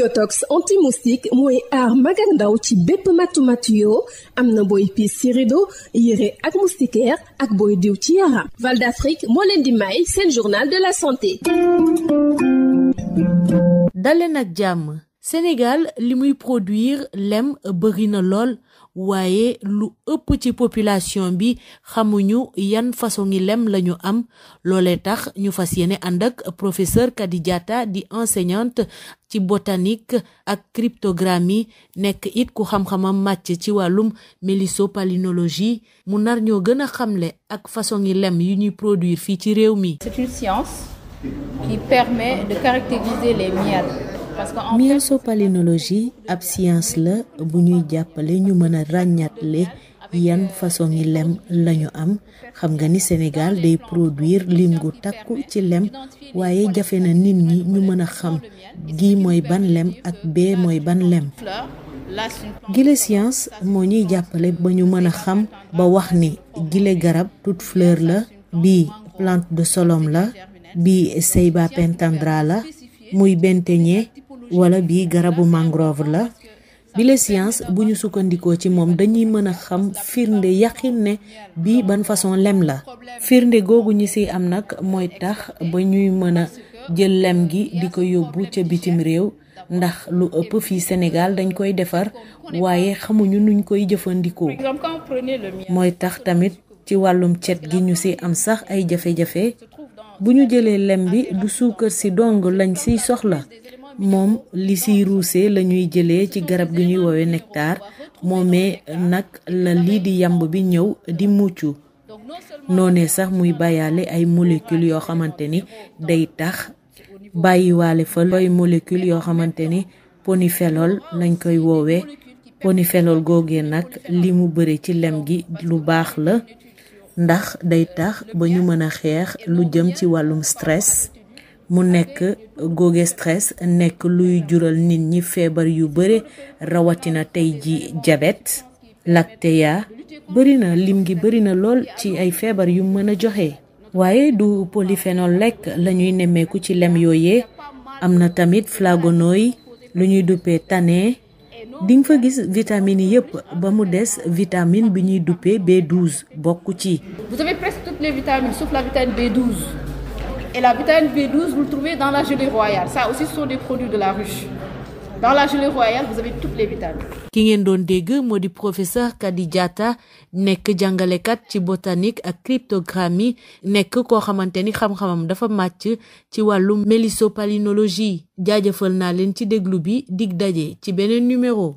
biotox anti-moustique mooy aar mag ndaw ci bépp matu-matu yoo am na booy pi ci rido ak moustiquaire ak booy diw ci yaram Val d'Afrique moo leen di may seen journal de la santé daleen ak jàmm Sénégal li muy lem bëri na lool waaye lu ëpp ci population bi xamuñu yan façon ngi lem la am loolee tax ñu fas yéene ànd ak professeur Kady Diatta di enseignante ci botanique ak cryptographie nekk it ku xam-xamam màcc ci wàllum mélissopalinologie mu nar ñoo gëna xamle ak façon ngi lem yu ñuy produire fii ci réew mi. C'est une science qui permet de caractériser les miels. myosopalinologie ab science la bu ñuy jàppale ñu mën a ràññatle yan façon yi lem lañu am xam nga ni Sénégal day produire lim gu takku ci lem waaye jafe na nit ñi ñu mën a xam gi mooy ban lem ak bee mooy ban lem gile science moo ñuy jàppale ba ñu mën a xam ba wax ni gile garab toute fleur la bii plante de solom la bii Ceiba pentandra la muy benteñe wala bii garabu mangrove la bile science bu ñu sukkandikoo ci moom dañuy mën a xam firnde yaqin ne bii ban façon lem la firnde googu ñu si am nag mooy tax ba ñuy mën a jël lem gi di ko yóbbu ca bitim réew ndax lu ëpp fii senegal dañ koy defar waaye xamuñu nuñ koy jëfandikoo mooy tax tamit ci wàllum cet gi ñu si am sax ay jafe-jafe bu ñu jëlee lem bi du suukar si dong lañ siy soxla moom li siy ruuse la ñuy jëlee ci garab gi ñuy woowe nectar moomee nag la lii di yamb bi ñëw di muccu noonee sax muy bàyyaale ay molécule yoo xamante ni day tax bàyyiwaale fa looy molécule yoo xamante ni polyphénol lañ koy woowe polyphénol googee nag li mu bëri ci lem gi lu baax la ndax day tax ba ñu mën a xeex lu jëm ci wàllum stress mu nekk googe stress nekk luy jural nit ñi feebar yu bare rawatina tey ji jabet lakteya barina lim gi barina na lool ci ay feebar yu mëna joxe waaye du polyphénol lekk lañuy nemmeeku ci lem yooyee am na tamit flavonoïd lu ñuy duppee tanin dinga fa gis vitamin yépp ba mu des vitamin bi ñuy duppee B12 bokk ci. Vous avez presque toutes les vitamines b la vitamine B12, vous le dans la gelée royale. Ça aussi, ce sont des produits de la ruche. Dans la gelée royale, vous avez toutes les vitamines. ki ngeen doon dégg moo di professeur Kadi Diatta nekk jàngalekat ci botanique ak cryptographie nekk koo xamante ni xam-xamam dafa màcc ci wàllu mélissopalinologie jaajëfal naa leen ci déglu bi dig daje ci beneen numéro.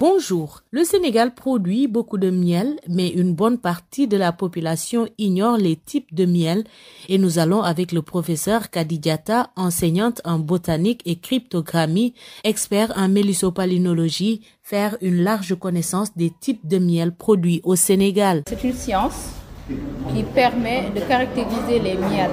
Bonjour. Le Sénégal produit beaucoup de miel, mais une bonne partie de la population ignore les types de miel et nous allons avec le professeur Kadidiata, enseignante en botanique et cryptographie, expert en mélissopalinologie, faire une large connaissance des types de miel produits au Sénégal. C'est une science qui permet de caractériser les miels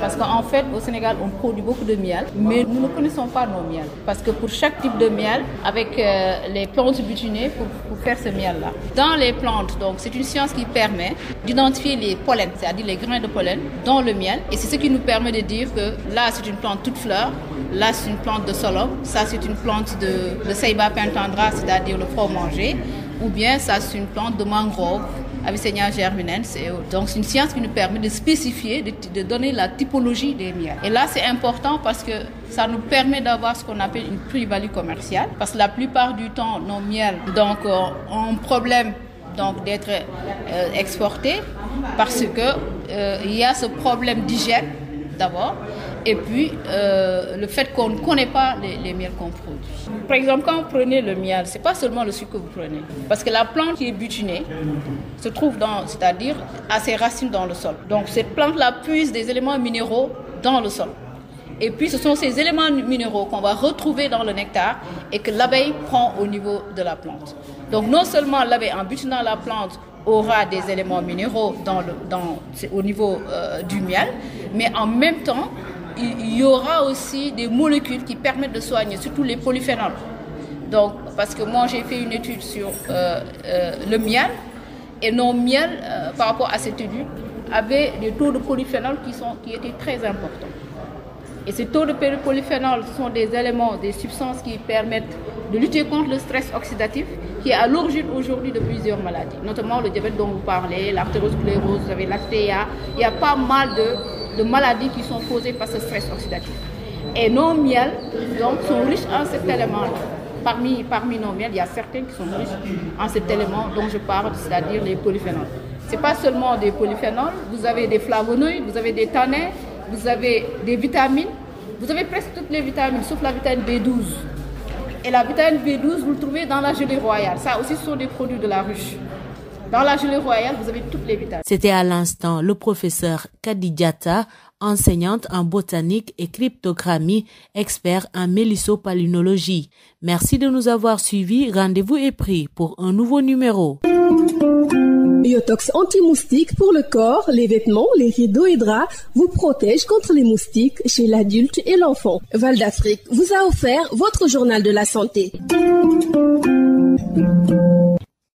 Parce qu'en fait, au Sénégal, on produit beaucoup de miel, mais nous ne connaissons pas nos miels. Parce que pour chaque type de miel, avec euh, les plantes butinées pour, pour faire ce miel-là. Dans les plantes, donc, c'est une science qui permet d'identifier les pollens, c'est-à-dire les grains de pollen, dans le miel. Et c'est ce qui nous permet de dire que là, c'est une plante toute fleur, Là, c'est une plante de solom. Ça, c'est une plante de, de Seiba pentandra, c'est-à-dire le fromager. Ou bien, ça, c'est une plante de mangrove. Avicennia germinens. Euh, donc c'est une science qui nous permet de spécifier, de, de donner la typologie des miels. Et là c'est important parce que ça nous permet d'avoir ce qu'on appelle une plus-value commerciale parce que la plupart du temps nos miels donc euh, ont problème donc d'être euh, exportés parce que euh, il y a ce problème d'hygiène d'abord Et puis, euh, le fait qu'on ne connaît pas les, les miels qu'on produit. Par exemple, quand vous prenez le miel, ce n'est pas seulement le sucre que vous prenez. Parce que la plante qui est butinée se trouve dans, c'est-à-dire à ses racines dans le sol. Donc, cette plante-là puise des éléments minéraux dans le sol. Et puis, ce sont ces éléments minéraux qu'on va retrouver dans le nectar et que l'abeille prend au niveau de la plante. Donc, non seulement l'abeille, en butinant la plante, aura des éléments minéraux dans le, dans, au niveau euh, du miel, mais en même temps, il y aura aussi des molécules qui permettent de soigner, surtout les polyphénols. Donc, parce que moi, j'ai fait une étude sur euh, euh, le miel, et nos miels, euh, par rapport à cette étude, avaient des taux de polyphénol qui, sont, étaient très importants. Et ces taux de polyphénol sont des éléments, des substances qui permettent de lutter contre le stress oxydatif qui est à l'origine aujourd'hui de plusieurs maladies, notamment le diabète dont vous parlez, l'artérosclérose, vous avez de maladies qui sont causées par ce stress oxydatif. Et nos miels, donc, sont riches en cet élément-là. Parmi, parmi nos miels, il y a certains qui sont riches en cet élément dont je parle, c'est-à-dire les polyphénols. Ce n'est pas seulement des polyphénols, vous avez des flavonoïdes, vous avez des tanins, vous avez des vitamines, vous avez presque toutes les vitamines, sauf la vitamine B12. Et la vitamine B12, vous le trouvez dans la gelée royale. Ça aussi, ce sont de la ruche. Dans la journée royale, vous C'était à l'instant le professeur Kadidiata, enseignante en botanique et cryptogrammie, expert en mélissopalinologie. Merci de nous avoir suivis. Rendez-vous est pris pour un nouveau numéro. Biotox anti pour le corps, les vêtements, les rideaux et draps vous protège contre les moustiques chez l'adulte et l'enfant. Val d'Afrique vous a offert votre journal de la santé.